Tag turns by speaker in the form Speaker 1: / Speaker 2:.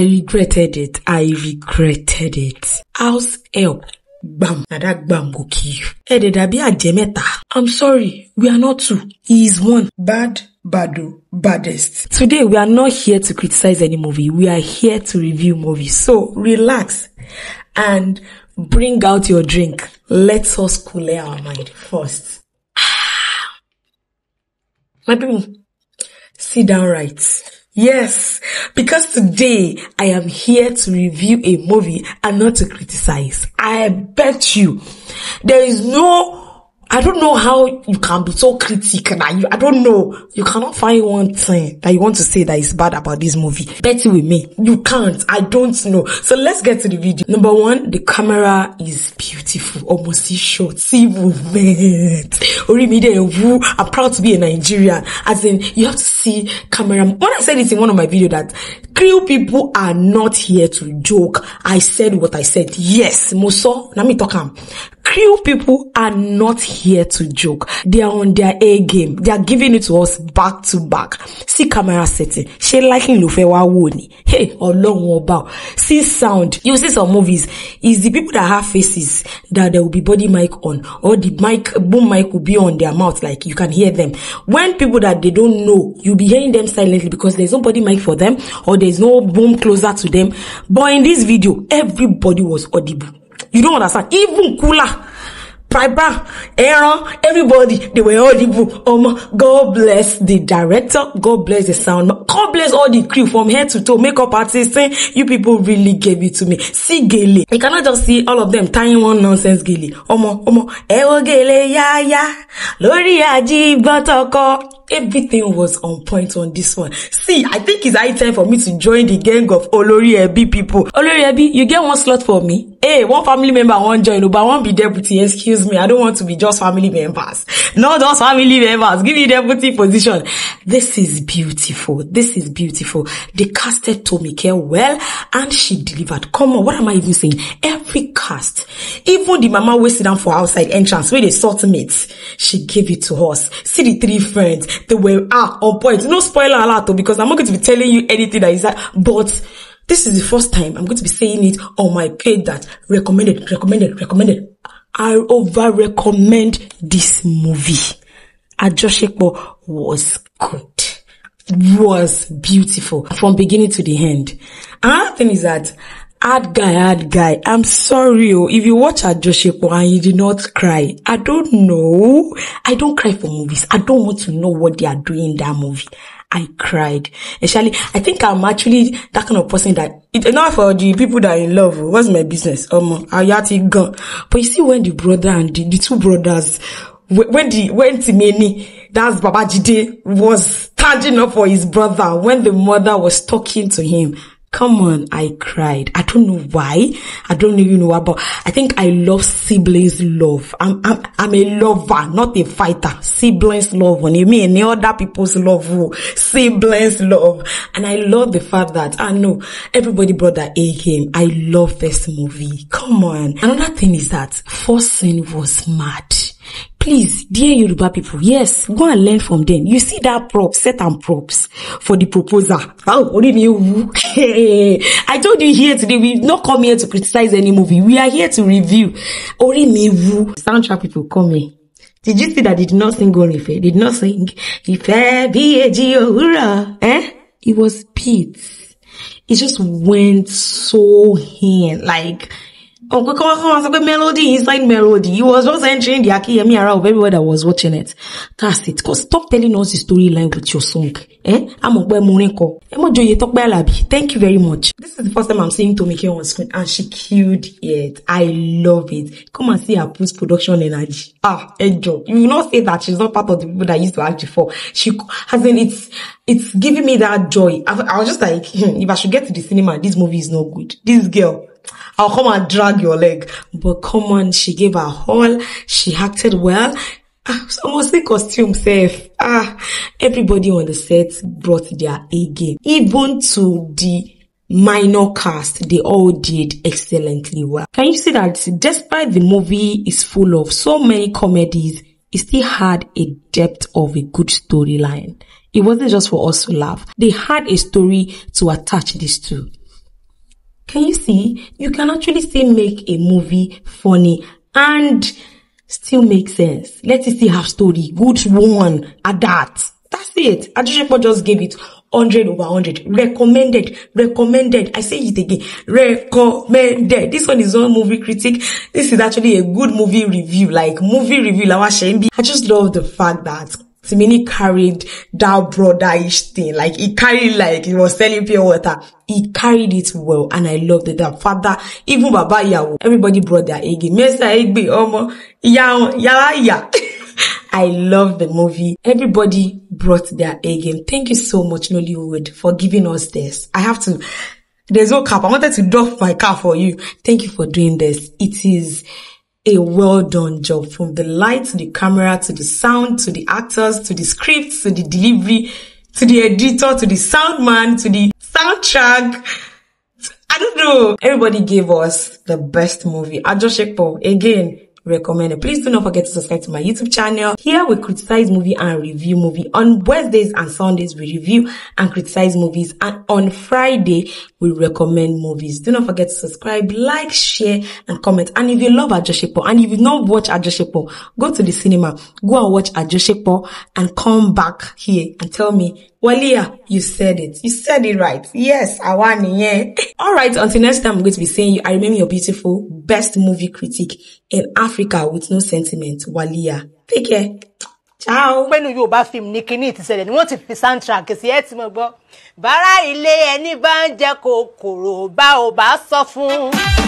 Speaker 1: I regretted it. I regretted it. House help. Bam. Now that bam will kill you. Ẹ dẹ̀ dàbí mẹ́ta. I'm sorry. We are not two. He is one. Bad badu, oh, baddest. Today, we are not here to criticize any movie. We are here to review movies. So relax and bring out your drink. Let us cool our mind first. Ah! My people, sit down right. Yes, because today I am here to review a movie and not to criticize. I bet you there is no I don't know how you can be so critical. Like you, I don't know. You cannot find one thing that you want to say that is bad about this movie. Bet with me. You can't. I don't know. So let's get to the video. Number one, the camera is beautiful. Almost see shot. See movement. Orimide I'm proud to be a Nigerian. As in, you have to see camera. When I said this in one of my videos that Creole people are not here to joke. I said what I said. Yes. moso. let me talk. Crew people are not here to joke. They are on their A game. They are giving it to us back to back. See camera setting. She liking Lufe Wawoni. Hey, or long about. See sound. You see some movies. is the people that have faces that there will be body mic on or the mic, boom mic will be on their mouth. Like you can hear them. When people that they don't know, you'll be hearing them silently because there's no body mic for them or there's no boom closer to them. But in this video, everybody was audible. you don't understand even cooler Piper, ẹran everybody they were all ibu ọmọ god bless the director god bless the sound god bless all the crew from head to toe makeup artist saying eh? you people really gave it to me see gele you cannot just see all of them tying one nonsense gele ọmọ ọmọ Ewo wo gele yáyá lórí àjíbọ́n tọkọ. Everything was on point on this one. See, I think it's high time for me to join the gang of Olori Ebi people. Olori Ebi, you get one slot for me? Hey, one family member won't join, but I won't be deputy. Excuse me, I don't want to be just family members. Not just family members. Give me deputy position. This is beautiful. This is beautiful. They casted Care well and she delivered. Come on, what am I even saying? Every cast, even the mama wasted down for outside entrance where they sort meat, she gave it to us. See the three friends they were ah, on oh point. No spoiler alert oh, because I'm not going to be telling you anything that is that, but this is the first time I'm going to be saying it on oh my page that recommended, recommended, recommended. I over recommend this movie. Ajoshepo was good was beautiful from beginning to the end. Another thing is that Ad guy, ad guy. I'm sorry. Oh, if you watch Ajoshepo and you did not cry, I don't know. I don't cry for movies. I don't want to know what they are doing in that movie. I cried. Actually, I think I'm actually that kind of person that enough for the people that are in love. Oh. What's my business? Um, I yati gone. But you see, when the brother and the, the two brothers, when the when Timeni, that's Babajide, was standing up for his brother when the mother was talking to him, Come on, I cried. I don't know why. I don't even know why, but I think I love siblings love. I'm, I'm, I'm a lover, not a fighter. Siblings love. When you mean any other people's love, oh, siblings love. And I love the fact that I know everybody brought that A game. I love this movie. Come on. Another thing is that first scene was mad. Please, dear Yoruba people, yes, go and learn from them. You see that prop, set and props for the proposer. I told you here today, we've not come here to criticize any movie. We are here to review. Orimiwu. Soundtrack people, come here. Did you see that they did not sing Orife? Did not sing Ife B-A-G Eh? It was Pete. It just went so in. Like, Uncle Kawakawa melody inside melody. He was just entering the Akiyemi era of everywhere that was watching it. That's it. Cause stop telling us the storyline with your song. Eh? I'm Ogbe Morinko. Emo Joye Tokbe Alabi. Thank you very much. This is the first time I'm seeing Tomike on screen and she killed it. I love it. Come and see her post production energy. Ah, Ejo. You will not say that she's not part of the people that used to act before. She has hasn't, it's, it's giving me that joy. I, I was just like, hmm, if I should get to the cinema, this movie is not good. This girl, I'll come and drag your leg. But come on, she gave her all. She acted well. I ah, must say costume safe. Ah, everybody on the set brought their A game. Even to the minor cast, they all did excellently well. Can you see that despite the movie is full of so many comedies, it still had a depth of a good storyline. It wasn't just for us to laugh. They had a story to attach this to. Can you see? You can actually still make a movie funny and still make sense. Let it still have story. Good one at that. That's it. Adishepo just gave it 100 over 100. Recommended. Recommended. I say it again. Recommended. This one is on movie critic. This is actually a good movie review. Like movie review. I just love the fact that Timini carried that brotherish thing. Like he carried like he was selling pure water. He carried it well and I loved it. That father, even Baba Yawo, everybody brought their egg in. Mr. Egbe, Omo, Yawo, Yala Ya. I love the movie. Everybody brought their A game. Thank you so much, Nollywood, for giving us this. I have to, there's no cap. I wanted to drop my car for you. Thank you for doing this. It is a well done job from the light to the camera to the sound to the actors to the script to the delivery to the editor to the sound man to the soundtrack. I don't know. Everybody gave us the best movie. Ajo again, Recommend it. Please do not forget to subscribe to my YouTube channel. Here we criticize movie and review movie. On Wednesdays and Sundays we review and criticize movies and on Friday we recommend movies. Do not forget to subscribe, like, share and comment. And if you love Ajoshepo and if you not watch Ajoshepo, go to the cinema, go and watch Ajoshepo and come back here and tell me Walia, you said it. You said it right. Yes, I want it. Yeah. All right. Until next time, I'm going to be seeing you, I remain your beautiful best movie critic. In Africa with no sentiment Waliya take care ciao. pẹ̀lú yorùbá fíìmù ní kinní ti ni wọ́n ti fi soundtrack sí ẹ̀ tí mo gbọ́. bàrà ilé ẹni bá ń jẹ kòkòrò bá ò bá sọ fún un.